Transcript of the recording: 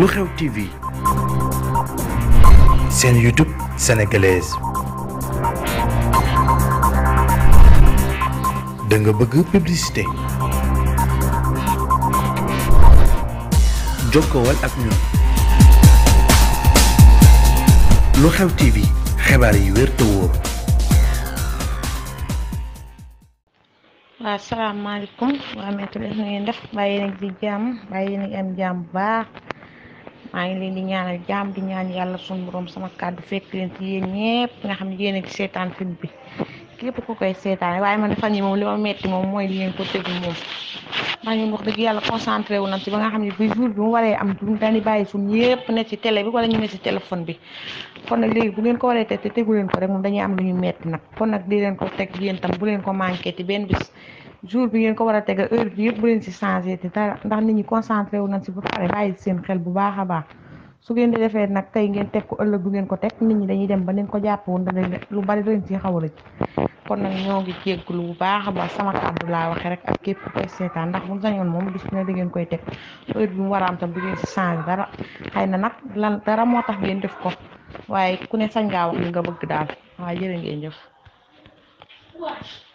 lu xew TV seen YouTube sénégalaise da nga bëgg publicité jokkowal ak ñun lu xew TV xibaar yi wér te wóor. waaw salaamaaleykum wa rahmatulah na ngeen def bàyyi nag di jàmm bàyyi nag am jàmm bu baax. maa ngi leen di ñaanal jàmm di ñaan yàlla sunu borom sama kàddu fekk leen ci yéen ñëpp nga xam ne yéen a ngi seetaan film bi képp ku koy seetaan waaye man fan yi moom li ma metti moom mooy li ngeen ko tëju moom maa ngi wax dëgg yàlla concentré wu nañ ci ba nga xam ne bu jour bi mu waree am duñ dañu bàyyi suñ yëpp ne ci télé bi wala ñu ne ci téléphone bi kon nag léegi bu ngeen ko waree te tegu leen ko rek moom dañuy am lu ñu metti nag kon nag di leen ko teg yéen tam bu leen ko manqué ci benn bis jour bi ngeen ko war a teg heure bi yëpp bu leen si changé te dara ndax nit ñi concentré wu nañ si ba pare bàyyi seen xel bu baax a baax su ngeen di defee nag tey ngeen teg ko ëllëg bu ngeen ko teg nit ñi dañuy dem ba neen ko jàpp woon danañ lu bari dañ si xaw a kon nag ñoo ngi jégglu bu baax a baax sama kàddu laa waxee rek ak képp koy seetaan ndax bu sañoon moom bis ne da ngeen koy teg heure bi mu war am tam bu ngeen si changé dara xëy na nag lan dara moo tax ngeen def ko waaye ku ne sañ ngaa wax li nga bëgg daal waaye jërë ngeen jëf